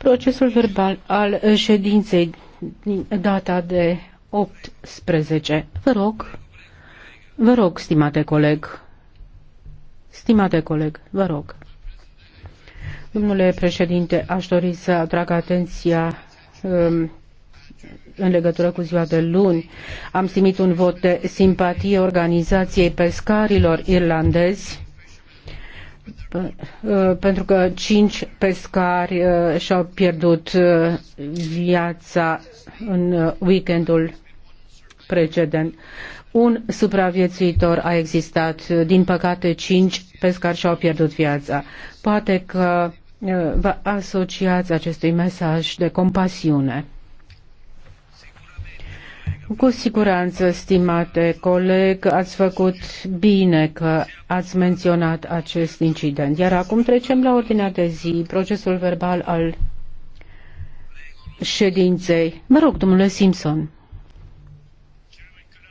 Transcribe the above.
Procesul verbal al ședinței din data de 18. Vă rog, vă rog, stimate coleg, stimate coleg, vă rog. Domnule președinte, aș dori să atrag atenția um, în legătură cu ziua de luni. Am simit un vot de simpatie organizației pescarilor irlandezi uh, pentru că cinci pescari uh, și-au pierdut uh, viața în weekendul precedent. Un supraviețuitor a existat, din păcate cinci pescari și-au pierdut viața. Poate că vă asociați acestui mesaj de compasiune. Cu siguranță, stimate coleg, ați făcut bine că ați menționat acest incident. Iar acum trecem la ordinea de zi, procesul verbal al ședinței. Mă rog, domnule Simpson.